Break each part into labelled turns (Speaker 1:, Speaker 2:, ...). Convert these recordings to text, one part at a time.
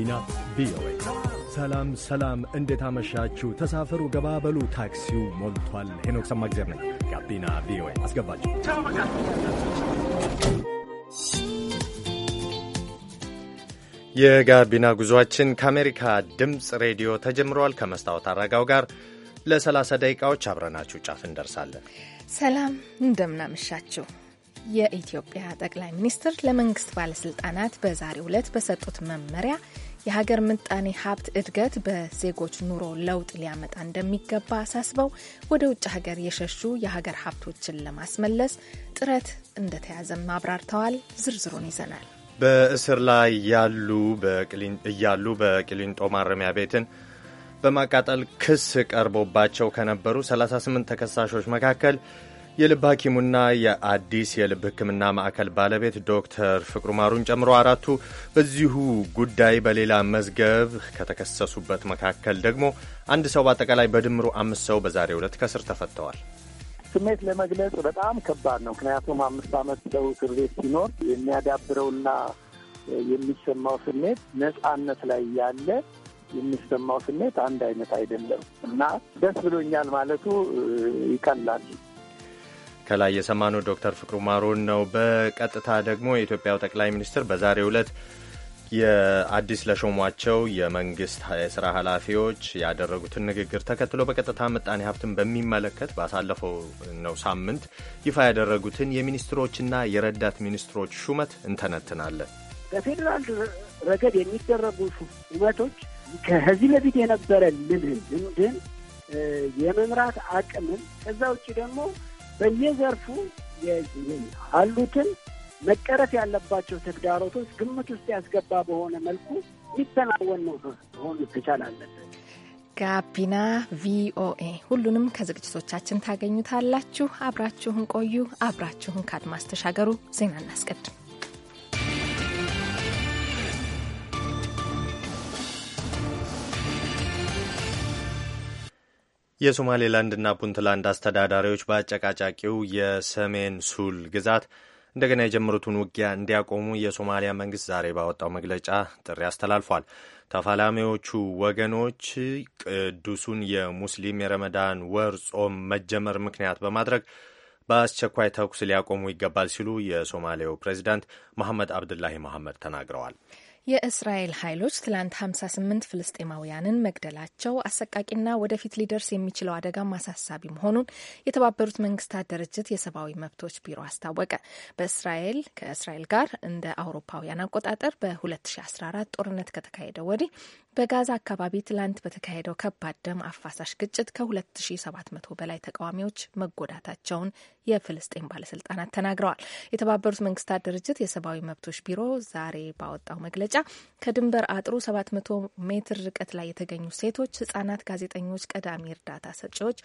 Speaker 1: ጋቢና ቪኦኤ። ሰላም ሰላም፣ እንዴት አመሻችሁ? ተሳፈሩ፣ ገባበሉ፣ ታክሲው ሞልቷል። ሄኖክ ሰማግዜር ነኝ። ጋቢና ቪኦኤ አስገባችሁ። የጋቢና ጉዟችን ከአሜሪካ ድምፅ ሬዲዮ ተጀምረዋል። ከመስታወት አረጋው ጋር ለ30 ደቂቃዎች አብረናችሁ ጫፍ እንደርሳለን።
Speaker 2: ሰላም እንደምናመሻችሁ። የኢትዮጵያ ጠቅላይ ሚኒስትር ለመንግስት ባለስልጣናት በዛሬው ዕለት በሰጡት መመሪያ የሀገር ምጣኔ ሀብት እድገት በዜጎች ኑሮ ለውጥ ሊያመጣ እንደሚገባ አሳስበው ወደ ውጭ ሀገር የሸሹ የሀገር ሀብቶችን ለማስመለስ ጥረት እንደተያዘም አብራርተዋል። ዝርዝሩን ይዘናል።
Speaker 1: በእስር ላይ እያሉ በቅሊንጦ ማረሚያ ቤትን በማቃጠል ክስ ቀርቦባቸው ከነበሩ 38 ተከሳሾች መካከል የልብ ሐኪሙና የአዲስ የልብ ሕክምና ማዕከል ባለቤት ዶክተር ፍቅሩ ማሩን ጨምሮ አራቱ በዚሁ ጉዳይ በሌላ መዝገብ ከተከሰሱበት መካከል ደግሞ አንድ ሰው በአጠቃላይ በድምሩ አምስት ሰው በዛሬው ዕለት ከስር ተፈተዋል።
Speaker 3: ስሜት ለመግለጽ በጣም ከባድ ነው። ምክንያቱም አምስት ዓመት ሰው እስር ቤት ሲኖር የሚያዳብረውና የሚሰማው ስሜት ነጻነት ላይ ያለ የሚሰማው ስሜት አንድ አይነት አይደለም እና ደስ ብሎኛል ማለቱ ይቀላል።
Speaker 1: ከላይ የሰማነው ዶክተር ፍቅሩ ማሮን ነው። በቀጥታ ደግሞ የኢትዮጵያው ጠቅላይ ሚኒስትር በዛሬው ዕለት የአዲስ ለሾሟቸው የመንግስት የስራ ኃላፊዎች ያደረጉትን ንግግር ተከትሎ በቀጥታ ምጣኔ ሀብትን በሚመለከት ባሳለፈው ነው ሳምንት ይፋ ያደረጉትን የሚኒስትሮችና የረዳት ሚኒስትሮች ሹመት እንተነትናለን።
Speaker 4: በፌዴራል ረገድ የሚደረጉ ሹመቶች ከዚህ በፊት የነበረ ልምድን የመምራት አቅምን ከዛ ውጭ ደግሞ በየዘርፉ ያሉትን መቀረፍ ያለባቸው ተግዳሮቶች ግምት ውስጥ ያስገባ በሆነ መልኩ ሊተናወን ነው ሆኑ መቻል አለበት።
Speaker 2: ጋቢና ቪኦኤ ሁሉንም ከዝግጅቶቻችን ታገኙታላችሁ። አብራችሁን ቆዩ። አብራችሁን ከአድማስ ተሻገሩ። ዜና እናስቀድም።
Speaker 1: የሶማሌላንድና ፑንትላንድ አስተዳዳሪዎች በአጨቃጫቂው የሰሜን ሱል ግዛት እንደገና የጀመሩትን ውጊያ እንዲያቆሙ የሶማሊያ መንግስት ዛሬ ባወጣው መግለጫ ጥሪ አስተላልፏል። ተፋላሚዎቹ ወገኖች ቅዱሱን የሙስሊም የረመዳን ወር ጾም መጀመር ምክንያት በማድረግ በአስቸኳይ ተኩስ ሊያቆሙ ይገባል ሲሉ የሶማሌው ፕሬዚዳንት መሐመድ አብዱላሂ መሐመድ ተናግረዋል።
Speaker 2: የእስራኤል ኃይሎች ትላንት 58 ፍልስጤማውያንን መግደላቸው አሰቃቂና ወደፊት ሊደርስ የሚችለው አደጋ ማሳሳቢ መሆኑን የተባበሩት መንግስታት ድርጅት የሰብአዊ መብቶች ቢሮ አስታወቀ። በእስራኤል ከእስራኤል ጋር እንደ አውሮፓውያን አቆጣጠር በ2014 ጦርነት ከተካሄደ ወዲህ በጋዛ አካባቢ ትላንት በተካሄደው ከባድ ደም አፋሳሽ ግጭት ከ2700 በላይ ተቃዋሚዎች መጎዳታቸውን የፍልስጤን ባለስልጣናት ተናግረዋል። የተባበሩት መንግስታት ድርጅት የሰብአዊ መብቶች ቢሮ ዛሬ ባወጣው መግለጫ ከድንበር አጥሩ 700 ሜትር ርቀት ላይ የተገኙ ሴቶች፣ ህጻናት፣ ጋዜጠኞች፣ ቀዳሚ እርዳታ ሰጪዎች፣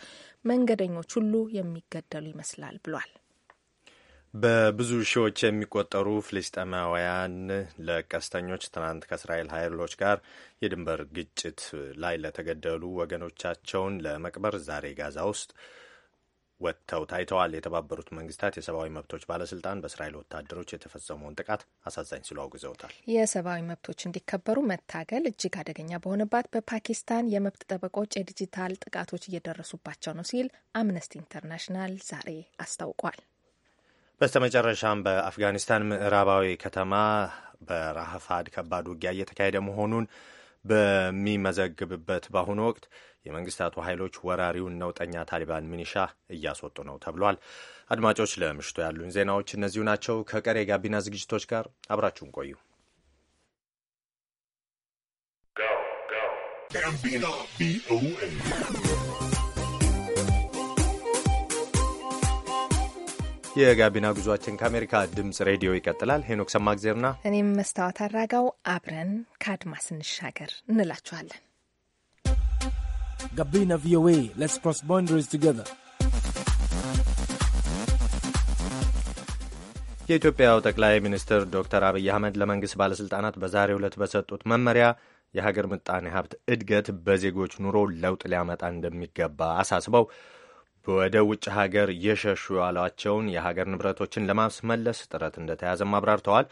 Speaker 2: መንገደኞች ሁሉ የሚገደሉ ይመስላል ብሏል።
Speaker 1: በብዙ ሺዎች የሚቆጠሩ ፍልስጤማውያን ለቀስተኞች ትናንት ከእስራኤል ኃይሎች ጋር የድንበር ግጭት ላይ ለተገደሉ ወገኖቻቸውን ለመቅበር ዛሬ ጋዛ ውስጥ ወጥተው ታይተዋል። የተባበሩት መንግስታት የሰብአዊ መብቶች ባለስልጣን በእስራኤል ወታደሮች የተፈጸመውን ጥቃት አሳዛኝ ሲሉ አውግዘውታል።
Speaker 2: የሰብአዊ መብቶች እንዲከበሩ መታገል እጅግ አደገኛ በሆነባት በፓኪስታን የመብት ጠበቆች የዲጂታል ጥቃቶች እየደረሱባቸው ነው ሲል አምነስቲ ኢንተርናሽናል ዛሬ አስታውቋል።
Speaker 1: በስተመጨረሻም በአፍጋኒስታን ምዕራባዊ ከተማ በራህፋድ ከባድ ውጊያ እየተካሄደ መሆኑን በሚመዘግብበት በአሁኑ ወቅት የመንግስታቱ ኃይሎች ወራሪውን ነውጠኛ ታሊባን ሚኒሻ እያስወጡ ነው ተብሏል። አድማጮች፣ ለምሽቱ ያሉን ዜናዎች እነዚሁ ናቸው። ከቀሪ የጋቢና ዝግጅቶች ጋር አብራችሁን ቆዩ። ጋቢና ቪኦኤ የጋቢና ጉዟችን ከአሜሪካ ድምፅ ሬዲዮ ይቀጥላል። ሄኖክ ሰማግዜርና
Speaker 2: እኔም መስታወት አራጋው አብረን ከአድማስ እንሻገር እንላችኋለን።
Speaker 1: ጋቢና ቪኦኤ ሌትስ ክሮስ
Speaker 2: ቦንደሪስ ቱጌዘር
Speaker 1: የኢትዮጵያው ጠቅላይ ሚኒስትር ዶክተር አብይ አህመድ ለመንግሥት ባለሥልጣናት በዛሬ ዕለት በሰጡት መመሪያ የሀገር ምጣኔ ሀብት እድገት በዜጎች ኑሮ ለውጥ ሊያመጣ እንደሚገባ አሳስበው ወደ ውጭ ሀገር የሸሹ ያሏቸውን የሀገር ንብረቶችን ለማስመለስ ጥረት እንደተያዘም አብራርተዋል።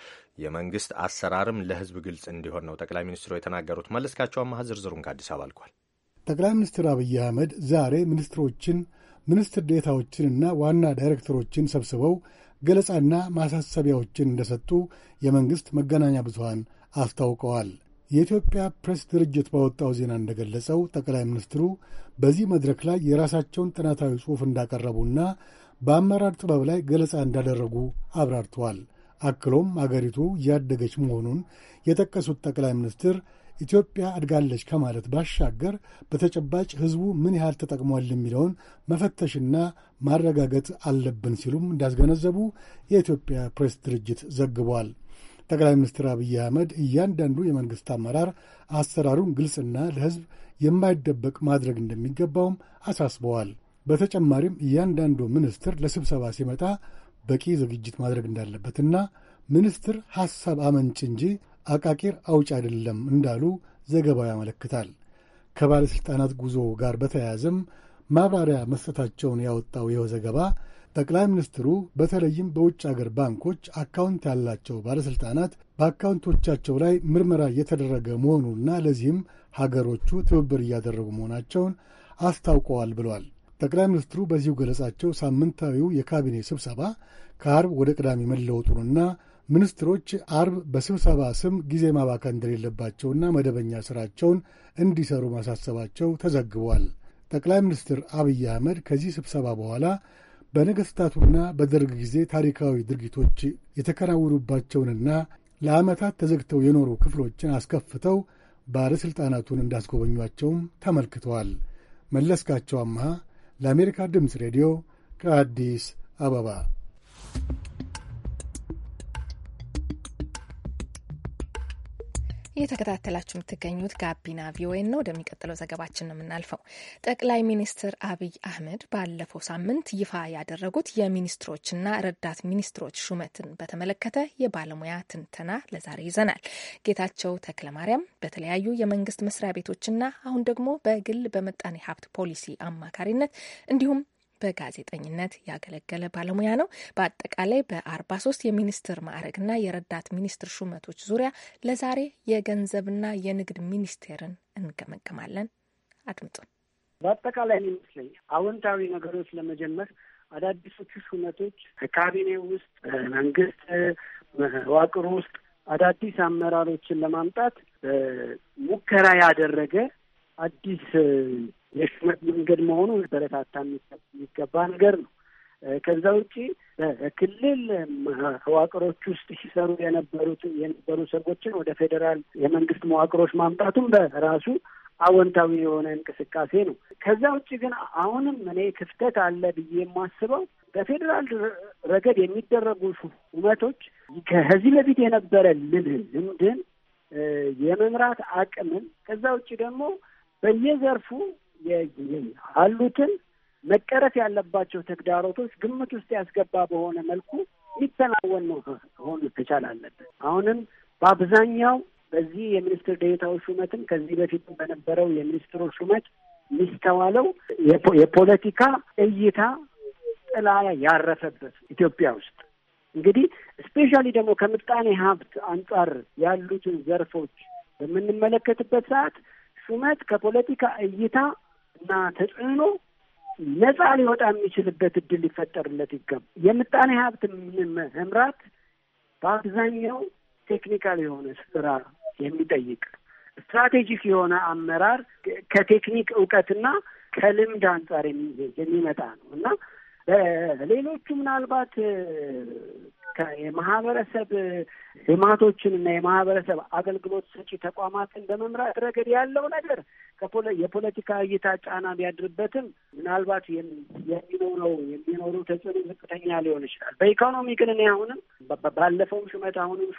Speaker 1: የመንግስት አሰራርም ለህዝብ ግልጽ እንዲሆን ነው ጠቅላይ ሚኒስትሩ የተናገሩት። መለስካቸው አማሃ ዝርዝሩን ከአዲስ አበባ
Speaker 5: ጠቅላይ ሚኒስትር አብይ አህመድ ዛሬ ሚኒስትሮችን፣ ሚኒስትር ዴታዎችንና ዋና ዳይሬክተሮችን ሰብስበው ገለጻና ማሳሰቢያዎችን እንደሰጡ የመንግሥት መገናኛ ብዙሃን አስታውቀዋል። የኢትዮጵያ ፕሬስ ድርጅት ባወጣው ዜና እንደገለጸው ጠቅላይ ሚኒስትሩ በዚህ መድረክ ላይ የራሳቸውን ጥናታዊ ጽሑፍ እንዳቀረቡና በአመራር ጥበብ ላይ ገለጻ እንዳደረጉ አብራርተዋል። አክሎም አገሪቱ እያደገች መሆኑን የጠቀሱት ጠቅላይ ሚኒስትር ኢትዮጵያ አድጋለች ከማለት ባሻገር በተጨባጭ ሕዝቡ ምን ያህል ተጠቅሟል የሚለውን መፈተሽና ማረጋገጥ አለብን ሲሉም እንዳስገነዘቡ የኢትዮጵያ ፕሬስ ድርጅት ዘግቧል። ጠቅላይ ሚኒስትር አብይ አህመድ እያንዳንዱ የመንግሥት አመራር አሰራሩን ግልጽና ለሕዝብ የማይደበቅ ማድረግ እንደሚገባውም አሳስበዋል። በተጨማሪም እያንዳንዱ ሚኒስትር ለስብሰባ ሲመጣ በቂ ዝግጅት ማድረግ እንዳለበትና ሚኒስትር ሐሳብ አመንጭ እንጂ አቃቂር አውጭ አይደለም እንዳሉ ዘገባው ያመለክታል። ከባለሥልጣናት ጉዞ ጋር በተያያዘም ማብራሪያ መስጠታቸውን ያወጣው ይኸው ዘገባ ጠቅላይ ሚኒስትሩ በተለይም በውጭ አገር ባንኮች አካውንት ያላቸው ባለሥልጣናት በአካውንቶቻቸው ላይ ምርመራ እየተደረገ መሆኑና ለዚህም ሀገሮቹ ትብብር እያደረጉ መሆናቸውን አስታውቀዋል ብለዋል። ጠቅላይ ሚኒስትሩ በዚሁ ገለጻቸው ሳምንታዊው የካቢኔ ስብሰባ ከአርብ ወደ ቅዳሜ መለወጡንና ሚኒስትሮች አርብ በስብሰባ ስም ጊዜ ማባከን እንደሌለባቸውና መደበኛ ሥራቸውን እንዲሰሩ ማሳሰባቸው ተዘግቧል። ጠቅላይ ሚኒስትር አብይ አህመድ ከዚህ ስብሰባ በኋላ በነገሥታቱና በደርግ ጊዜ ታሪካዊ ድርጊቶች የተከናወኑባቸውንና ለዓመታት ተዘግተው የኖሩ ክፍሎችን አስከፍተው ባለሥልጣናቱን እንዳስጎበኟቸውም ተመልክተዋል። መለስካቸው አምሃ ለአሜሪካ ድምፅ ሬዲዮ ከአዲስ አበባ
Speaker 2: እየተከታተላችሁ የምትገኙት ጋቢና ቪኦኤ ነው። ወደሚቀጥለው ዘገባችን ነው የምናልፈው። ጠቅላይ ሚኒስትር አብይ አህመድ ባለፈው ሳምንት ይፋ ያደረጉት የሚኒስትሮችና ረዳት ሚኒስትሮች ሹመትን በተመለከተ የባለሙያ ትንተና ለዛሬ ይዘናል። ጌታቸው ተክለማርያም በተለያዩ የመንግስት መስሪያ ቤቶችና አሁን ደግሞ በግል በመጣኔ ሀብት ፖሊሲ አማካሪነት እንዲሁም በጋዜጠኝነት ያገለገለ ባለሙያ ነው። በአጠቃላይ በ43 የሚኒስትር ማዕረግና የረዳት ሚኒስትር ሹመቶች ዙሪያ ለዛሬ የገንዘብና የንግድ ሚኒስቴርን እንገመገማለን። አድምጡን።
Speaker 4: በአጠቃላይ የሚመስለኝ አዎንታዊ ነገሮች ለመጀመር አዳዲሶቹ ሹመቶች ከካቢኔ ውስጥ መንግስት መዋቅር ውስጥ አዳዲስ አመራሮችን ለማምጣት ሙከራ ያደረገ አዲስ የሹመት መንገድ መሆኑ በረታታ የሚገባ ነገር ነው። ከዛ ውጪ በክልል መዋቅሮች ውስጥ ሲሰሩ የነበሩት የነበሩ ሰዎችን ወደ ፌዴራል የመንግስት መዋቅሮች ማምጣቱም በራሱ አወንታዊ የሆነ እንቅስቃሴ ነው። ከዛ ውጭ ግን አሁንም እኔ ክፍተት አለ ብዬ የማስበው በፌዴራል ረገድ የሚደረጉ ሹመቶች ከዚህ በፊት የነበረ ልምድን ልምድን የመምራት አቅምን ከዛ ውጭ ደግሞ በየዘርፉ ያሉትን መቀረፍ ያለባቸው ተግዳሮቶች ግምት ውስጥ ያስገባ በሆነ መልኩ የሚተናወን ነው ሆኑ መቻል አለበት። አሁንም በአብዛኛው በዚህ የሚኒስትር ዴኤታው ሹመትም ከዚህ በፊት በነበረው የሚኒስትሩ ሹመት የሚስተዋለው የፖለቲካ እይታ ጥላ ያረፈበት ኢትዮጵያ ውስጥ እንግዲህ እስፔሻሊ ደግሞ ከምጣኔ ሀብት አንጻር ያሉትን ዘርፎች በምንመለከትበት ሰዓት ሹመት ከፖለቲካ እይታ እና ተጽዕኖ ነጻ ሊወጣ የሚችልበት እድል ሊፈጠርለት ይገባ። የምጣኔ ሀብት መምራት በአብዛኛው ቴክኒካል የሆነ ስራ የሚጠይቅ ስትራቴጂክ የሆነ አመራር ከቴክኒክ እውቀትና ከልምድ አንጻር የሚመጣ ነው እና ሌሎቹ ምናልባት የማህበረሰብ ልማቶችን እና የማህበረሰብ አገልግሎት ሰጪ ተቋማትን በመምራት ረገድ ያለው ነገር የፖለቲካ እይታ ጫና ቢያድርበትም ምናልባት የሚኖረው የሚኖሩ ተጽዕኖ ዝቅተኛ ሊሆን ይችላል። በኢኮኖሚ ግን እኔ አሁንም ባለፈው ሹመት አሁንም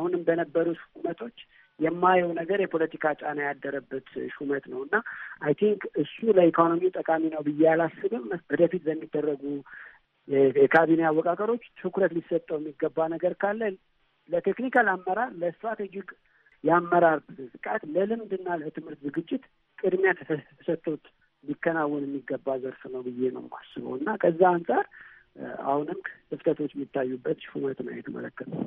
Speaker 4: አሁንም በነበሩ ሹመቶች የማየው ነገር የፖለቲካ ጫና ያደረበት ሹመት ነው እና አይ ቲንክ እሱ ለኢኮኖሚ ጠቃሚ ነው ብዬ አላስብም። ወደፊት በሚደረጉ የካቢኔ አወቃቀሮች ትኩረት ሊሰጠው የሚገባ ነገር ካለ ለቴክኒካል አመራር፣ ለስትራቴጂክ የአመራር ብቃት፣ ለልምድና ለትምህርት ዝግጅት ቅድሚያ ተሰጥቶት ሊከናወን የሚገባ ዘርፍ ነው ብዬ ነው የማስበው እና ከዛ አንጻር አሁንም ክፍተቶች የሚታዩበት ሹመት ነው የተመለከተው።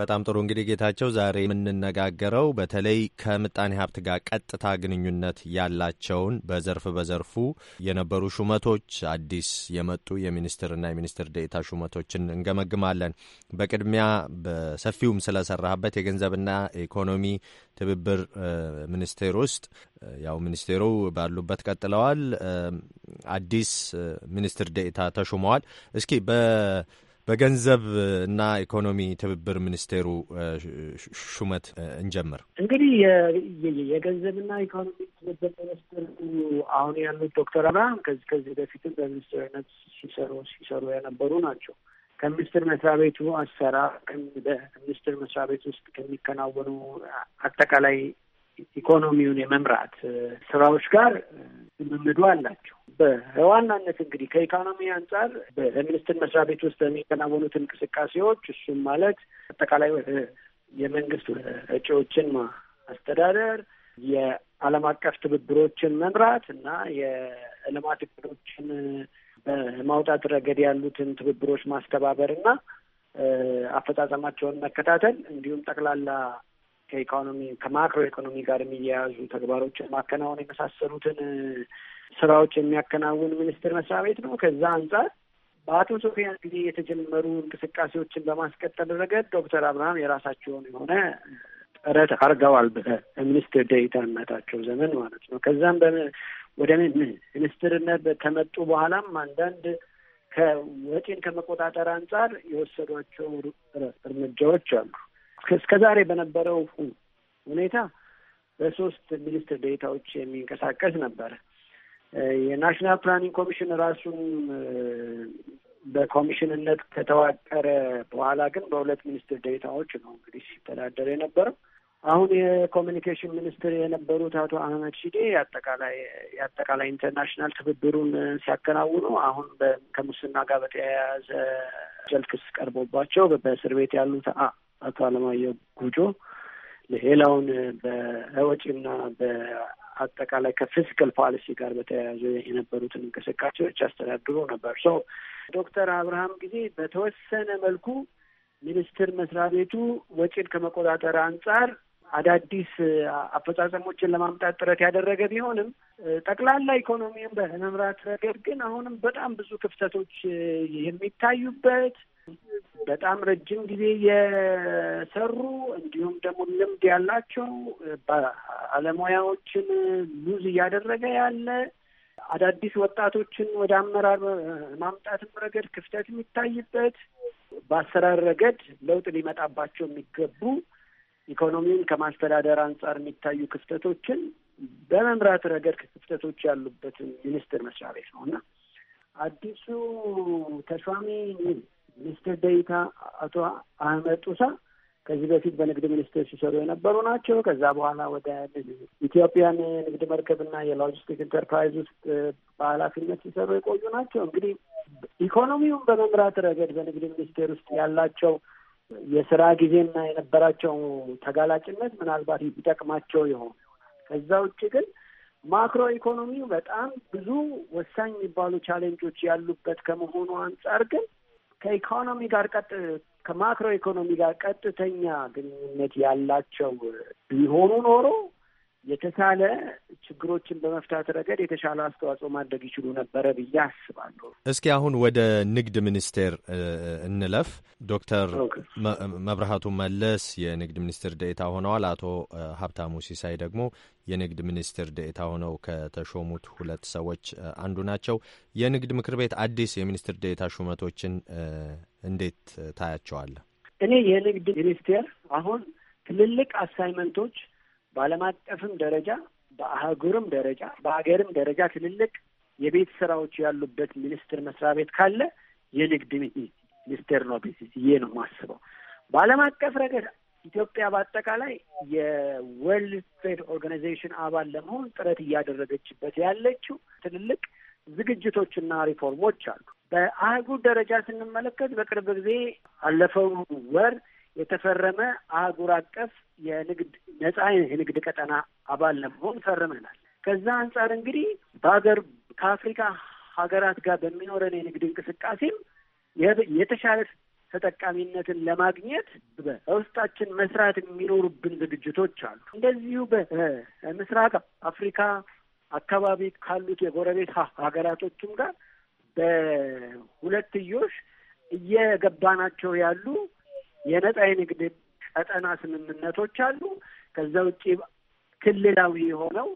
Speaker 1: በጣም ጥሩ እንግዲህ ጌታቸው፣ ዛሬ የምንነጋገረው በተለይ ከምጣኔ ሀብት ጋር ቀጥታ ግንኙነት ያላቸውን በዘርፍ በዘርፉ የነበሩ ሹመቶች፣ አዲስ የመጡ የሚኒስትርና የሚኒስትር ዴኤታ ሹመቶችን እንገመግማለን። በቅድሚያ በሰፊውም ስለሰራህበት የገንዘብና ኢኮኖሚ ትብብር ሚኒስቴር ውስጥ ያው ሚኒስቴሩ ባሉበት ቀጥለዋል። አዲስ ሚኒስትር ዴኤታ ተሹመዋል። እስኪ በ በገንዘብ እና ኢኮኖሚ ትብብር ሚኒስቴሩ ሹመት እንጀምር።
Speaker 4: እንግዲህ የገንዘብና ኢኮኖሚ ትብብር ሚኒስትሩ አሁን ያሉት ዶክተር አብርሃም ከዚህ ከዚህ በፊትም በሚኒስትርነት ሲሰሩ ሲሰሩ የነበሩ ናቸው። ከሚኒስትር መስሪያ ቤቱ አሰራር በሚኒስትር መስሪያ ቤት ውስጥ ከሚከናወኑ አጠቃላይ ኢኮኖሚውን የመምራት ስራዎች ጋር ልምምዱ አላቸው። በዋናነት እንግዲህ ከኢኮኖሚ አንጻር በሚኒስትር መስሪያ ቤት ውስጥ የሚከናወኑት እንቅስቃሴዎች እሱም ማለት አጠቃላይ የመንግስት ወጪዎችን ማስተዳደር፣ የዓለም አቀፍ ትብብሮችን መምራት እና የልማት እቅዶችን በማውጣት ረገድ ያሉትን ትብብሮች ማስተባበር እና አፈጻጸማቸውን መከታተል እንዲሁም ጠቅላላ ከኢኮኖሚ ከማክሮ ኢኮኖሚ ጋር የሚያያዙ ተግባሮችን ማከናወን የመሳሰሉትን ስራዎች የሚያከናውን ሚኒስቴር መስሪያ ቤት ነው። ከዛ አንጻር በአቶ ሶፊያን ጊዜ የተጀመሩ እንቅስቃሴዎችን በማስቀጠል ረገድ ዶክተር አብርሃም የራሳቸውን የሆነ ጥረት አድርገዋል። በሚኒስትር ዴኤታነታቸው ዘመን ማለት ነው። ከዛም ወደ ሚኒስትርነት ከመጡ በኋላም አንዳንድ ከወጪን ከመቆጣጠር አንጻር የወሰዷቸው እርምጃዎች አሉ። እስከዛሬ በነበረው ሁኔታ በሶስት ሚኒስትር ዴታዎች የሚንቀሳቀስ ነበር። የናሽናል ፕላኒንግ ኮሚሽን ራሱን በኮሚሽንነት ከተዋቀረ በኋላ ግን በሁለት ሚኒስትር ዴታዎች ነው እንግዲህ ሲተዳደር የነበረው። አሁን የኮሚኒኬሽን ሚኒስትር የነበሩት አቶ አህመድ ሺዴ አጠቃላይ የአጠቃላይ ኢንተርናሽናል ትብብሩን ሲያከናውኑ አሁን ከሙስና ጋር በተያያዘ ጀልክስ ቀርቦባቸው በእስር ቤት ያሉት አቶ አለማየሁ ጉጆ ሌላውን በወጪና በአጠቃላይ ከፊስካል ፖሊሲ ጋር በተያያዙ የነበሩትን እንቅስቃሴዎች ያስተዳድሩ ነበር። ሰው ዶክተር አብርሃም ጊዜ በተወሰነ መልኩ ሚኒስቴር መስሪያ ቤቱ ወጪን ከመቆጣጠር አንጻር አዳዲስ አፈጻጸሞችን ለማምጣት ጥረት ያደረገ ቢሆንም ጠቅላላ ኢኮኖሚውን በመምራት ረገድ ግን አሁንም በጣም ብዙ ክፍተቶች የሚታዩበት በጣም ረጅም ጊዜ የሰሩ እንዲሁም ደግሞ ልምድ ያላቸው ባለሙያዎችን ሉዝ እያደረገ ያለ አዳዲስ ወጣቶችን ወደ አመራር ማምጣትም ረገድ ክፍተት የሚታይበት በአሰራር ረገድ ለውጥ ሊመጣባቸው የሚገቡ ኢኮኖሚውን ከማስተዳደር አንጻር የሚታዩ ክፍተቶችን በመምራት ረገድ ክፍተቶች ያሉበትን ሚኒስቴር መስሪያ ቤት ነው እና አዲሱ ተሿሚ ሚኒስትር ደይታ አቶ አህመድ ጡሳ ከዚህ በፊት በንግድ ሚኒስቴር ሲሰሩ የነበሩ ናቸው። ከዛ በኋላ ወደ ኢትዮጵያን የንግድ መርከብና የሎጂስቲክ ኢንተርፕራይዝ ውስጥ በኃላፊነት ሲሰሩ የቆዩ ናቸው። እንግዲህ ኢኮኖሚውን በመምራት ረገድ በንግድ ሚኒስቴር ውስጥ ያላቸው የስራ ጊዜና የነበራቸው ተጋላጭነት ምናልባት ይጠቅማቸው ይሆን። ከዛ ውጭ ግን ማክሮ ኢኮኖሚው በጣም ብዙ ወሳኝ የሚባሉ ቻሌንጆች ያሉበት ከመሆኑ አንጻር ግን ከኢኮኖሚ ጋር ቀጥ ከማክሮ ኢኮኖሚ ጋር ቀጥተኛ ግንኙነት ያላቸው ቢሆኑ ኖሮ የተሻለ ችግሮችን በመፍታት ረገድ የተሻለ አስተዋጽኦ ማድረግ ይችሉ ነበረ ብዬ አስባለሁ።
Speaker 1: እስኪ አሁን ወደ ንግድ ሚኒስቴር እንለፍ። ዶክተር መብርሃቱ መለስ የንግድ ሚኒስትር ደኤታ ሆነዋል። አቶ ሀብታሙ ሲሳይ ደግሞ የንግድ ሚኒስትር ደኤታ ሆነው ከተሾሙት ሁለት ሰዎች አንዱ ናቸው። የንግድ ምክር ቤት አዲስ የሚኒስትር ደኤታ ሹመቶችን እንዴት ታያቸዋለህ?
Speaker 4: እኔ የንግድ ሚኒስቴር አሁን ትልልቅ አሳይመንቶች በዓለም አቀፍም ደረጃ በአህጉርም ደረጃ በሀገርም ደረጃ ትልልቅ የቤት ስራዎች ያሉበት ሚኒስቴር መስሪያ ቤት ካለ የንግድ ሚኒስቴር ነው። ቢሲሲዬ ነው የማስበው። በዓለም አቀፍ ረገድ ኢትዮጵያ በአጠቃላይ የወርልድ ትሬድ ኦርጋናይዜሽን አባል ለመሆን ጥረት እያደረገችበት ያለችው ትልልቅ ዝግጅቶችና ሪፎርሞች አሉ። በአህጉር ደረጃ ስንመለከት በቅርብ ጊዜ አለፈው ወር የተፈረመ አህጉር አቀፍ የንግድ ነጻ የንግድ ቀጠና አባል ለመሆን ፈርመናል። ከዛ አንጻር እንግዲህ በሀገር ከአፍሪካ ሀገራት ጋር በሚኖረን የንግድ እንቅስቃሴም የተሻለ ተጠቃሚነትን ለማግኘት በውስጣችን መስራት የሚኖሩብን ዝግጅቶች አሉ። እንደዚሁ በምስራቅ አፍሪካ አካባቢ ካሉት የጎረቤት ሀገራቶችም ጋር በሁለትዮሽ እየገባናቸው ያሉ የነጻ የንግድ ቀጠና ስምምነቶች አሉ። ከዛ ውጭ ክልላዊ የሆነው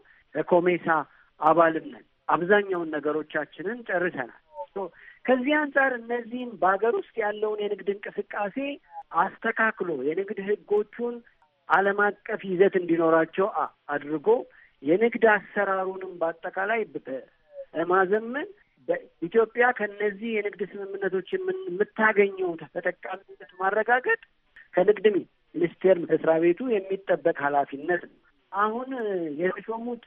Speaker 4: ኮሜሳ አባልም ነን። አብዛኛውን ነገሮቻችንን ጨርሰናል። ከዚህ አንጻር እነዚህም በሀገር ውስጥ ያለውን የንግድ እንቅስቃሴ አስተካክሎ የንግድ ህጎቹን ዓለም አቀፍ ይዘት እንዲኖራቸው አድርጎ የንግድ አሰራሩንም በአጠቃላይ ማዘመን በኢትዮጵያ ከነዚህ የንግድ ስምምነቶች የምታገኘው ተጠቃሚነት ማረጋገጥ ከንግድ ሚኒስቴር መስሪያ ቤቱ የሚጠበቅ ኃላፊነት ነው። አሁን የተሾሙት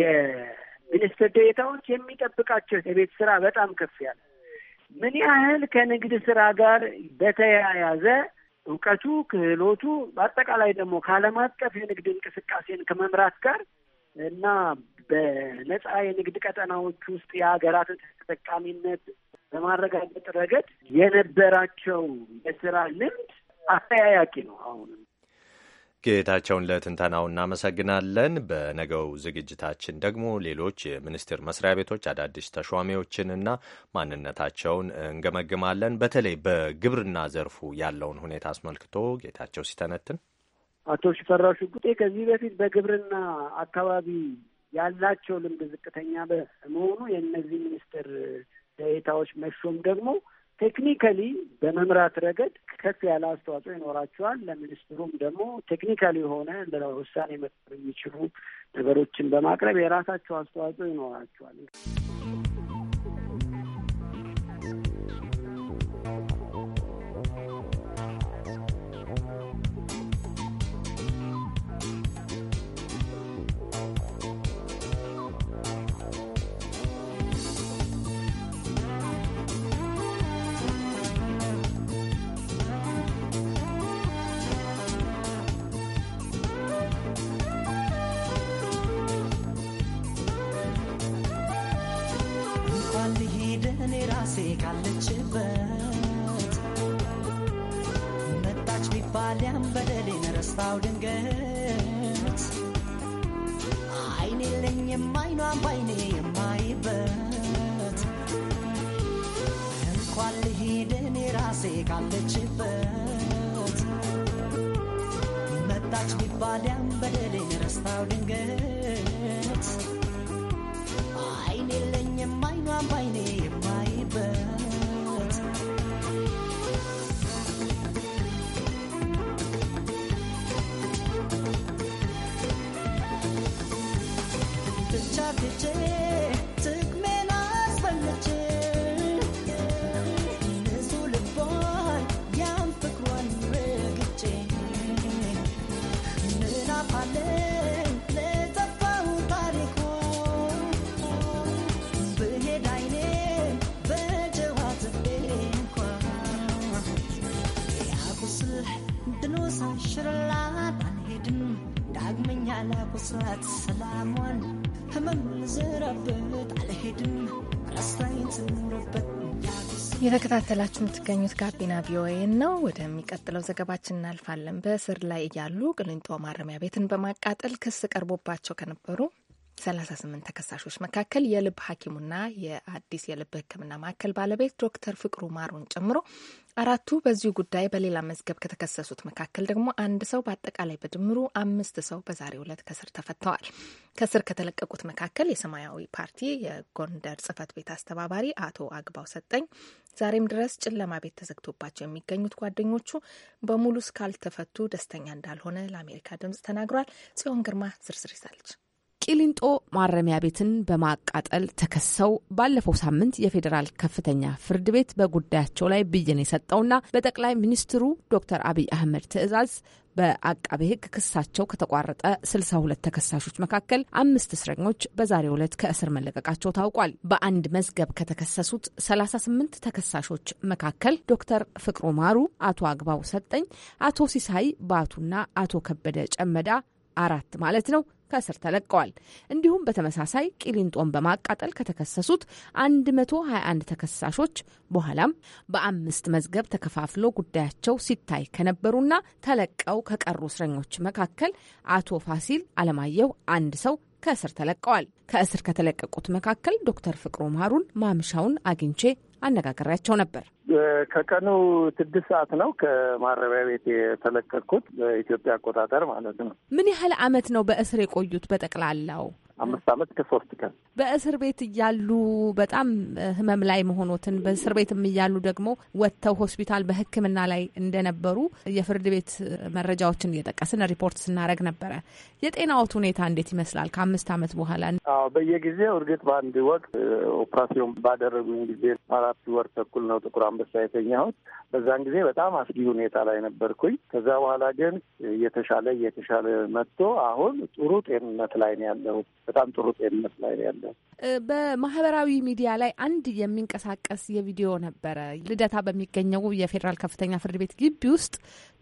Speaker 4: የሚኒስትር ዴኤታዎች የሚጠብቃቸው የቤት ስራ በጣም ከፍ ያለ ምን ያህል ከንግድ ስራ ጋር በተያያዘ እውቀቱ፣ ክህሎቱ በአጠቃላይ ደግሞ ከዓለም አቀፍ የንግድ እንቅስቃሴን ከመምራት ጋር እና በነጻ የንግድ ቀጠናዎች ውስጥ የሀገራትን ተጠቃሚነት በማረጋገጥ ረገድ የነበራቸው የስራ ልምድ አስተያያቂ ነው። አሁንም
Speaker 1: ጌታቸውን ለትንተናው እናመሰግናለን። በነገው ዝግጅታችን ደግሞ ሌሎች የሚኒስቴር መስሪያ ቤቶች አዳዲስ ተሿሚዎችንና ማንነታቸውን እንገመግማለን። በተለይ በግብርና ዘርፉ ያለውን ሁኔታ አስመልክቶ ጌታቸው ሲተነትን
Speaker 4: አቶ ሽፈራሹ ጉጤ ከዚህ በፊት በግብርና አካባቢ ያላቸው ልምድ ዝቅተኛ በመሆኑ የእነዚህ ሚኒስትር ዴኤታዎች መሾም ደግሞ ቴክኒካሊ በመምራት ረገድ ከፍ ያለ አስተዋጽኦ ይኖራቸዋል። ለሚኒስትሩም ደግሞ ቴክኒካሊ የሆነ ለውሳኔ መጠር የሚችሉ
Speaker 3: ነገሮችን በማቅረብ
Speaker 4: የራሳቸው አስተዋጽኦ ይኖራቸዋል።
Speaker 2: ያለሁበት መጣች ቢባል ያም በደሌን ረስታው ድንገት አይኔ ለኝ የማይኗን ባይኔ የማይበት እንኳን ልሂድ እኔ ራሴ ካለችበት መጣች ቢባል ያም በደሌን ረስታው ድንገት እየተከታተላችሁ የምትገኙት ጋቢና ቪኦኤን ነው። ወደሚቀጥለው ዘገባችን እናልፋለን። በእስር ላይ እያሉ ቅሊንጦ ማረሚያ ቤትን በማቃጠል ክስ ቀርቦባቸው ከነበሩ 38 ተከሳሾች መካከል የልብ ሐኪሙና የአዲስ የልብ ሕክምና ማዕከል ባለቤት ዶክተር ፍቅሩ ማሩን ጨምሮ አራቱ በዚሁ ጉዳይ በሌላ መዝገብ ከተከሰሱት መካከል ደግሞ አንድ ሰው በአጠቃላይ በድምሩ አምስት ሰው በዛሬው ዕለት ከስር ተፈተዋል። ከስር ከተለቀቁት መካከል የሰማያዊ ፓርቲ የጎንደር ጽህፈት ቤት አስተባባሪ አቶ አግባው ሰጠኝ ዛሬም ድረስ ጨለማ ቤት ተዘግቶባቸው የሚገኙት ጓደኞቹ በሙሉ እስካልተፈቱ ደስተኛ እንዳልሆነ ለአሜሪካ ድምጽ ተናግሯል። ጽዮን ግርማ ዝርዝር ይዛለች።
Speaker 6: ቂሊንጦ ማረሚያ ቤትን በማቃጠል ተከሰው ባለፈው ሳምንት የፌዴራል ከፍተኛ ፍርድ ቤት በጉዳያቸው ላይ ብይን የሰጠውና በጠቅላይ ሚኒስትሩ ዶክተር አብይ አህመድ ትዕዛዝ በአቃቤ ሕግ ክሳቸው ከተቋረጠ 62 ተከሳሾች መካከል አምስት እስረኞች በዛሬው ዕለት ከእስር መለቀቃቸው ታውቋል። በአንድ መዝገብ ከተከሰሱት 38 ተከሳሾች መካከል ዶክተር ፍቅሩ ማሩ፣ አቶ አግባው ሰጠኝ፣ አቶ ሲሳይ ባቱና አቶ ከበደ ጨመዳ አራት ማለት ነው ከእስር ተለቀዋል። እንዲሁም በተመሳሳይ ቂሊንጦን በማቃጠል ከተከሰሱት 121 ተከሳሾች በኋላም በአምስት መዝገብ ተከፋፍሎ ጉዳያቸው ሲታይ ከነበሩና ተለቀው ከቀሩ እስረኞች መካከል አቶ ፋሲል አለማየሁ አንድ ሰው ከእስር ተለቀዋል። ከእስር ከተለቀቁት መካከል ዶክተር ፍቅሩ ማሩን ማምሻውን አግኝቼ አነጋገሪያቸው ነበር።
Speaker 3: ከቀኑ ስድስት ሰዓት ነው ከማረቢያ ቤት የተለቀቅኩት በኢትዮጵያ አቆጣጠር ማለት ነው።
Speaker 6: ምን ያህል አመት ነው በእስር የቆዩት በጠቅላላው?
Speaker 3: አምስት ዓመት ከሶስት ቀን
Speaker 6: በእስር ቤት እያሉ በጣም ህመም ላይ መሆኖትን በእስር ቤትም እያሉ ደግሞ ወጥተው ሆስፒታል በህክምና ላይ እንደነበሩ የፍርድ ቤት መረጃዎችን እየጠቀስን ሪፖርት ስናደረግ ነበረ። የጤናዎት ሁኔታ እንዴት ይመስላል? ከአምስት ዓመት በኋላ
Speaker 3: በየጊዜው እርግጥ በአንድ ወቅት ኦፕራሲዮን ባደረጉኝ ጊዜ አራት ወር ተኩል ነው ጥቁር አንበሳ የተኛሁት። በዛን ጊዜ በጣም አስጊ ሁኔታ ላይ ነበርኩኝ። ከዛ በኋላ ግን እየተሻለ እየተሻለ መጥቶ አሁን ጥሩ ጤንነት ላይ ነው ያለሁት። በጣም ጥሩ ጤንነት ላይ ያለ።
Speaker 6: በማህበራዊ ሚዲያ ላይ አንድ የሚንቀሳቀስ የቪዲዮ ነበረ። ልደታ በሚገኘው የፌዴራል ከፍተኛ ፍርድ ቤት ግቢ ውስጥ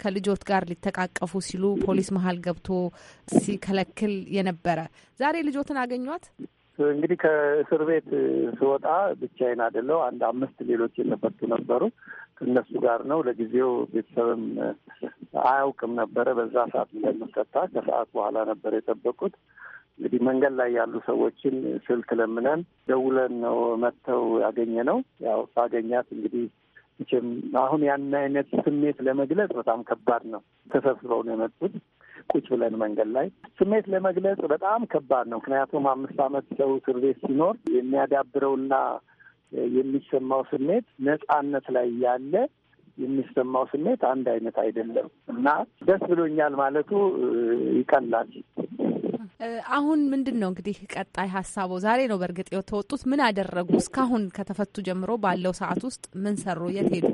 Speaker 6: ከልጆት ጋር ሊተቃቀፉ ሲሉ ፖሊስ መሀል ገብቶ ሲከለክል የነበረ ዛሬ ልጆትን አገኟት።
Speaker 3: እንግዲህ ከእስር ቤት ስወጣ ብቻዬን አይደለሁ። አንድ አምስት ሌሎች የነበርቱ ነበሩ። ከእነሱ ጋር ነው። ለጊዜው ቤተሰብም አያውቅም ነበረ በዛ ሰዓት እንደምፈታ ከሰዓት በኋላ ነበር የጠበቁት። እንግዲህ መንገድ ላይ ያሉ ሰዎችን ስልክ ለምነን ደውለን ነው መጥተው ያገኘ ነው። ያው ሳገኛት እንግዲህ መቼም አሁን ያን አይነት ስሜት ለመግለጽ በጣም ከባድ ነው። ተሰብስበው ነው የመጡት። ቁጭ ብለን መንገድ ላይ ስሜት ለመግለጽ በጣም ከባድ ነው። ምክንያቱም አምስት ዓመት ሰው እስር ቤት ሲኖር የሚያዳብረውና የሚሰማው ስሜት ነጻነት ላይ ያለ የሚሰማው ስሜት አንድ አይነት አይደለም እና ደስ ብሎኛል ማለቱ ይቀላል።
Speaker 6: አሁን ምንድን ነው እንግዲህ ቀጣይ ሀሳቦ? ዛሬ ነው በእርግጥ የተወጡት። ምን አደረጉ? እስካሁን ከተፈቱ ጀምሮ ባለው ሰዓት ውስጥ ምን ሰሩ? የት ሄዱ?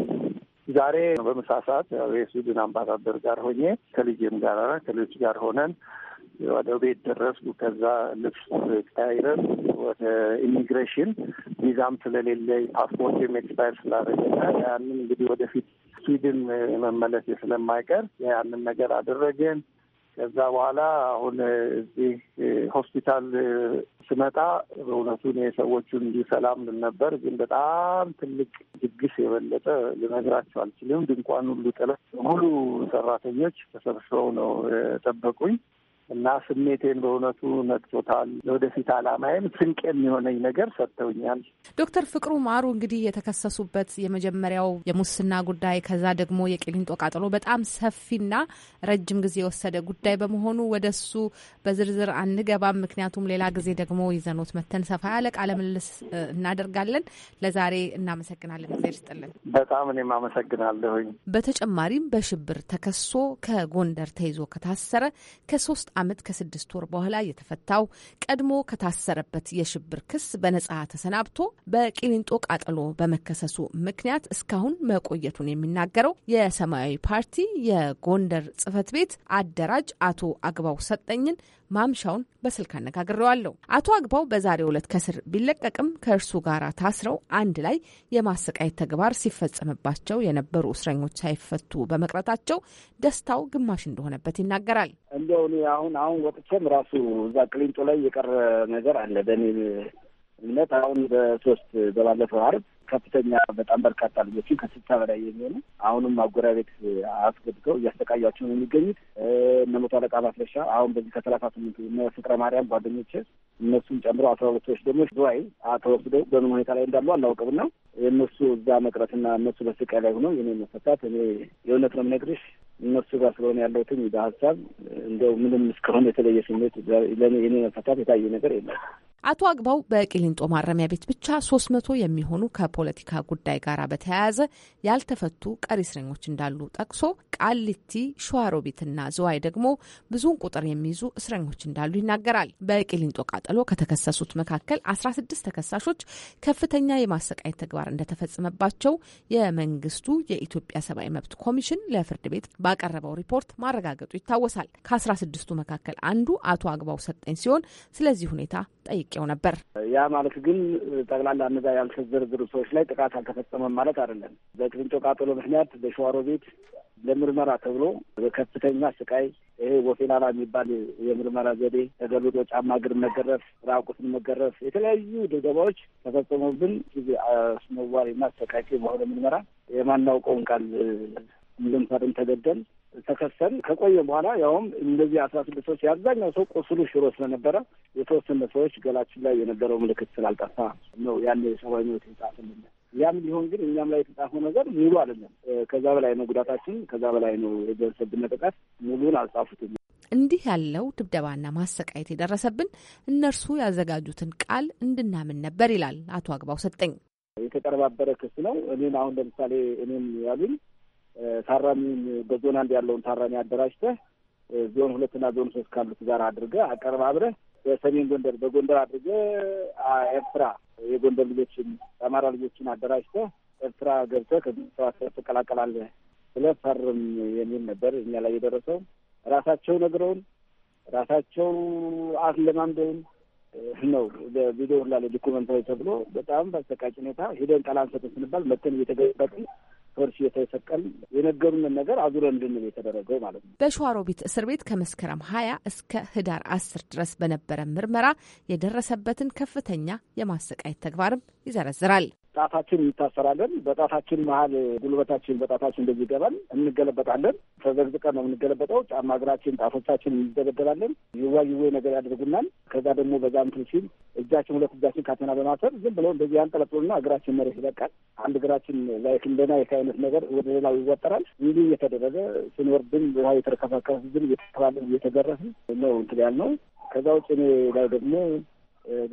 Speaker 3: ዛሬ በምሳ ሰዓት የስዊድን አምባሳደር ጋር ሆኜ ከልጅም ጋር ከልጆች ጋር ሆነን ወደ ቤት ደረስኩ። ከዛ ልብስ ቀያይረን ወደ ኢሚግሬሽን ቪዛም ስለሌለ ፓስፖርት ኤክስፓየር ስላደረገና ያንን እንግዲህ ወደፊት ስዊድን መመለስ ስለማይቀር ያንን ነገር አደረገን። ከዛ በኋላ አሁን እዚህ ሆስፒታል ስመጣ በእውነቱ የሰዎቹን እንዲህ ሰላም ልነበር፣ ግን በጣም ትልቅ ድግስ የበለጠ ልነግራቸው አልችልም። ድንኳን ሁሉ ጥለት ሙሉ ሰራተኞች ተሰብስበው ነው የጠበቁኝ። እና ስሜቴን በእውነቱ ነክቶታል። ለወደፊት አላማዬም ስንቅ የሚሆነኝ ነገር ሰጥተውኛል።
Speaker 6: ዶክተር ፍቅሩ ማሩ እንግዲህ የተከሰሱበት የመጀመሪያው የሙስና ጉዳይ ከዛ ደግሞ የቂሊንጦ ቃጠሎ በጣም ሰፊና ረጅም ጊዜ የወሰደ ጉዳይ በመሆኑ ወደ ወደሱ በዝርዝር አንገባም። ምክንያቱም ሌላ ጊዜ ደግሞ ይዘኖት መተን ሰፋ ያለ ቃለ ምልልስ እናደርጋለን። ለዛሬ እናመሰግናለን። ጊዜ ይስጥልን።
Speaker 3: በጣም እኔም አመሰግናለሁኝ።
Speaker 6: በተጨማሪም በሽብር ተከሶ ከጎንደር ተይዞ ከታሰረ ከሶስት ዓመት ከስድስት ወር በኋላ የተፈታው ቀድሞ ከታሰረበት የሽብር ክስ በነጻ ተሰናብቶ በቂሊንጦ ቃጠሎ በመከሰሱ ምክንያት እስካሁን መቆየቱን የሚናገረው የሰማያዊ ፓርቲ የጎንደር ጽህፈት ቤት አደራጅ አቶ አግባው ሰጠኝን ማምሻውን በስልክ አነጋግሬዋለሁ። አቶ አግባው በዛሬው ዕለት ከስር ቢለቀቅም ከእርሱ ጋር ታስረው አንድ ላይ የማሰቃየት ተግባር ሲፈጸምባቸው የነበሩ እስረኞች ሳይፈቱ በመቅረታቸው ደስታው ግማሽ እንደሆነበት ይናገራል።
Speaker 4: እንዲያው እኔ አሁን አሁን ወጥቼም ራሱ እዛ ቅሊንጦ ላይ የቀረ ነገር አለ በእኔ እምነት አሁን በሶስት በባለፈው አርብ ከፍተኛ በጣም በርካታ ልጆችን ከስልሳ በላይ የሚሆኑ አሁንም ማጎሪያ ቤት አስገብተው እያሰቃያቸው ነው የሚገኙት። እነ መቶ አለቃ ማስረሻ አሁን በዚህ ከሰላሳ ስምንቱ ፍቅረ ማርያም ጓደኞች እነሱን ጨምሮ አስራ ሁለት ሰዎች ደግሞ ድዋይ ተወስደው በምን ሁኔታ ላይ እንዳሉ አላውቅም። ና የእነሱ እዛ መቅረትና እነሱ በስቃይ ላይ ሆነው የኔ መፈታት እኔ የእውነት ነው የምነግርሽ እነሱ ጋር ስለሆነ ያለሁትኝ በሀሳብ እንደው ምንም እስካሁን የተለየ ስሜት ለእኔ የኔ መፈታት የታየ ነገር የለም።
Speaker 6: አቶ አግባው በቂሊንጦ ማረሚያ ቤት ብቻ 300 መቶ የሚሆኑ ከፖለቲካ ጉዳይ ጋር በተያያዘ ያልተፈቱ ቀሪ እስረኞች እንዳሉ ጠቅሶ ቃሊቲ፣ ሸዋሮቢትና ዝዋይ ደግሞ ብዙውን ቁጥር የሚይዙ እስረኞች እንዳሉ ይናገራል። በቅሊንጦ ቃጠሎ ከተከሰሱት መካከል 16 ተከሳሾች ከፍተኛ የማሰቃየት ተግባር እንደተፈጸመባቸው የመንግስቱ የኢትዮጵያ ሰብአዊ መብት ኮሚሽን ለፍርድ ቤት ባቀረበው ሪፖርት ማረጋገጡ ይታወሳል። ከ16ቱ መካከል አንዱ አቶ አግባው ሰጠኝ ሲሆን ስለዚህ ሁኔታ ጠይቀ ጠይቄው ነበር።
Speaker 4: ያ ማለት ግን ጠቅላላ እነዛ ያልተዘረዘሩ ሰዎች ላይ ጥቃት አልተፈጸመም ማለት አይደለም። በቅርንጮ ቃጠሎ ምክንያት በሸዋሮ ቤት ለምርመራ ተብሎ በከፍተኛ ስቃይ ይሄ ወፌላላ የሚባል የምርመራ ዘዴ ተገልጦ ጫማ እግር መገረፍ፣ ራቁትን መገረፍ፣ የተለያዩ ድብደባዎች ተፈጸሙብን። አስነዋሪና አሰቃቂ በሆነ ምርመራ የማናውቀውን ቃል እንድንፈርም ተገደል ተከሰን ከቆየ በኋላ ያውም እንደዚህ አስራ ስድስት ሰዎች የአብዛኛው ሰው ቁስሉ ሽሮ ስለነበረ የተወሰነ ሰዎች ገላችን ላይ የነበረው ምልክት ስላልጠፋ ነው ያለ የሰብአዊ መብት የተጻፈልን። ያም ቢሆን ግን እኛም ላይ የተጻፈው ነገር ሙሉ አይደለም። ከዛ በላይ ነው ጉዳታችን፣ ከዛ በላይ ነው የደረሰብን ጥቃት። ሙሉን አልጻፉትም።
Speaker 6: እንዲህ ያለው ድብደባና ማሰቃየት የደረሰብን እነርሱ ያዘጋጁትን ቃል እንድናምን ነበር ይላል አቶ አግባው ሰጠኝ።
Speaker 4: የተቀነባበረ ክስ ነው። እኔም አሁን ለምሳሌ እኔም ያሉኝ ታራሚውን በዞን አንድ ያለውን ታራሚ አደራጅተህ ዞን ሁለትና ዞን ሶስት ካሉት ጋር አድርገህ አቀርባብረህ በሰሜን ጎንደር በጎንደር አድርገህ ኤርትራ የጎንደር ልጆችን የአማራ ልጆችን አደራጅተህ ኤርትራ ገብተህ ከሰባሰብ ትቀላቀላለህ ብለህ ፈርም የሚል ነበር እኛ ላይ የደረሰው። ራሳቸው ነግረውን ራሳቸው አስለማምደውን ነው ቪዲዮ ላለ ዶኩመንታዊ ተብሎ በጣም በአሰቃቂ ሁኔታ ሄደን ቃል አንሰጥም ስንባል መተን እየተገባትን ፖሊሲ የተሰቀል የነገሩንን ነገር አዙረ እንድንል የተደረገው ማለት ነው።
Speaker 6: በሸዋሮቢት እስር ቤት ከመስከረም ሀያ እስከ ህዳር አስር ድረስ በነበረ ምርመራ የደረሰበትን ከፍተኛ የማሰቃየት ተግባርም ይዘረዝራል።
Speaker 4: ጣታችን እንታሰራለን። በጣታችን መሀል ጉልበታችን በጣታችን እንደዚህ ይገባል። እንገለበጣለን። ተዘግዝቀን ነው የምንገለበጠው። ጫማ እግራችን፣ ጣቶቻችን እንደበደላለን። ይዋ ነገር ያደርጉናል። ከዛ ደግሞ በዛ እንትን ሲል እጃችን ሁለት እጃችን ካቴና በማሰር ዝም ብለው እንደዚህ ያንጠለጥሉና እግራችን መሬት ይለቃል። አንድ እግራችን ላይ እንደና አይነት ነገር ወደ ሌላው ይወጠራል። እንዲህ እየተደረገ ስንወርድም ውሃ የተረከፋከፍ ዝም እየተባለ እየተገረፍን ነው እንትን ያልነው። ከዛ ውጭ እኔ ላይ ደግሞ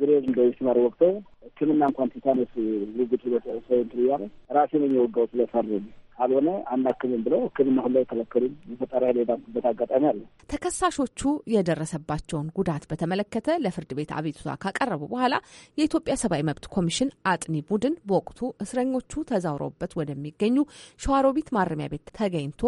Speaker 4: ግሬዝ በሚስማር ወቅተው ህክምና እንኳን ቲታነስ ልግት ሁለት ሰንት ያለ ራሴ ነኝ የወጋው ስለፈሩ ካልሆነ አናክምም ብለው ሕክምና ሁላ የከለከሉ የፈጠራ ሌዳበት አጋጣሚ አለ።
Speaker 6: ተከሳሾቹ የደረሰባቸውን ጉዳት በተመለከተ ለፍርድ ቤት አቤቱታ ካቀረቡ በኋላ የኢትዮጵያ ሰብአዊ መብት ኮሚሽን አጥኒ ቡድን በወቅቱ እስረኞቹ ተዛውረውበት ወደሚገኙ ሸዋሮቢት ማረሚያ ቤት ተገኝቶ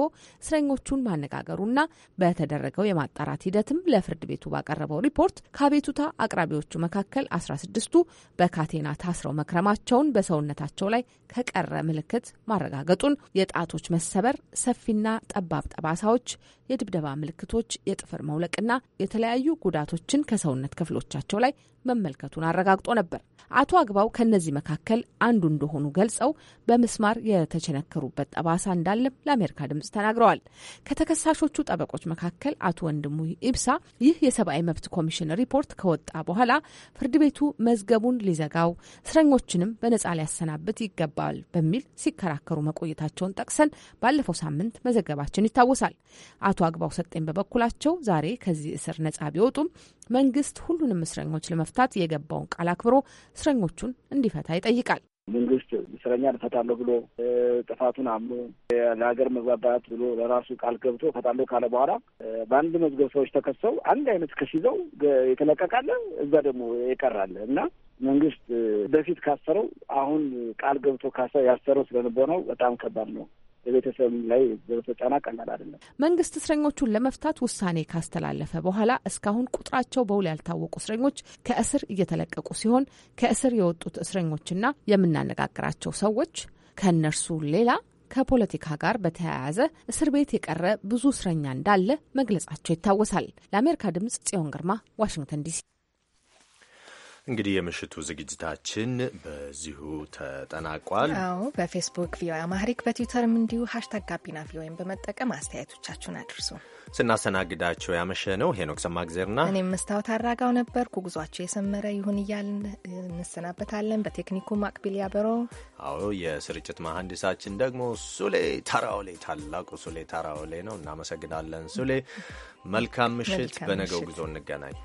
Speaker 6: እስረኞቹን ማነጋገሩና በተደረገው የማጣራት ሂደትም ለፍርድ ቤቱ ባቀረበው ሪፖርት ከአቤቱታ አቅራቢዎቹ መካከል አስራ ስድስቱ በካቴና ታስረው መክረማቸውን በሰውነታቸው ላይ ከቀረ ምልክት ማረጋገጡን የጣቶች መሰበር፣ ሰፊና ጠባብ ጠባሳዎች፣ የድብደባ ምልክቶች፣ የጥፍር መውለቅና የተለያዩ ጉዳቶችን ከሰውነት ክፍሎቻቸው ላይ መመልከቱን አረጋግጦ ነበር። አቶ አግባው ከእነዚህ መካከል አንዱ እንደሆኑ ገልጸው በምስማር የተቸነከሩበት ጠባሳ እንዳለም ለአሜሪካ ድምጽ ተናግረዋል። ከተከሳሾቹ ጠበቆች መካከል አቶ ወንድሙ ኢብሳ ይህ የሰብአዊ መብት ኮሚሽን ሪፖርት ከወጣ በኋላ ፍርድ ቤቱ መዝገቡን ሊዘጋው፣ እስረኞችንም በነጻ ሊያሰናብት ይገባል በሚል ሲከራከሩ መቆየታቸውን ጠቅሰን ባለፈው ሳምንት መዘገባችን ይታወሳል። አቶ አግባው ሰጤን በበኩላቸው ዛሬ ከዚህ እስር ነጻ ቢወጡም መንግስት ሁሉንም እስረኞች ለመፍታት የገባውን ቃል አክብሮ እስረኞቹን እንዲፈታ ይጠይቃል።
Speaker 4: መንግስት እስረኛ እፈታለሁ ብሎ ጥፋቱን አምኖ ለሀገር መግባባት ብሎ ለራሱ ቃል ገብቶ እፈታለሁ ካለ በኋላ በአንድ መዝገብ ሰዎች ተከሰው አንድ አይነት ክስ ይዘው የተለቀቃለ እዛ ደግሞ የቀራለ እና መንግስት በፊት ካሰረው አሁን ቃል ገብቶ ካሰ ያሰረው ስለነበረው በጣም ከባድ ነው። በቤተሰብ ላይ የደረሰው ጫና ቀላል አይደለም።
Speaker 6: መንግስት እስረኞቹን ለመፍታት ውሳኔ ካስተላለፈ በኋላ እስካሁን ቁጥራቸው በውል ያልታወቁ እስረኞች ከእስር እየተለቀቁ ሲሆን ከእስር የወጡት እስረኞችና የምናነጋግራቸው ሰዎች ከእነርሱ ሌላ ከፖለቲካ ጋር በተያያዘ እስር ቤት የቀረ ብዙ እስረኛ እንዳለ መግለጻቸው ይታወሳል። ለአሜሪካ ድምጽ ጽዮን ግርማ ዋሽንግተን ዲሲ
Speaker 1: እንግዲህ የምሽቱ ዝግጅታችን በዚሁ ተጠናቋል። አዎ
Speaker 2: በፌስቡክ ቪኦኤ አማሪክ በትዊተርም እንዲሁ ሀሽታግ ጋቢና ቪኦኤም በመጠቀም አስተያየቶቻችሁን
Speaker 1: አድርሱ። ስናስተናግዳቸው ያመሸ ነው ሄኖክ ሰማግዜርና እኔም
Speaker 2: መስታወት አራጋው ነበርኩ። ጉዟቸው የሰመረ ይሁን እያልን እንሰናበታለን። በቴክኒኩ ማቅቢል ያበሮ።
Speaker 1: አዎ የስርጭት መሐንዲሳችን ደግሞ ሱሌ ታራውሌ፣ ታላቁ ሱሌ ታራውሌ ነው። እናመሰግናለን ሱሌ። መልካም ምሽት። በነገው ጉዞ እንገናኝ።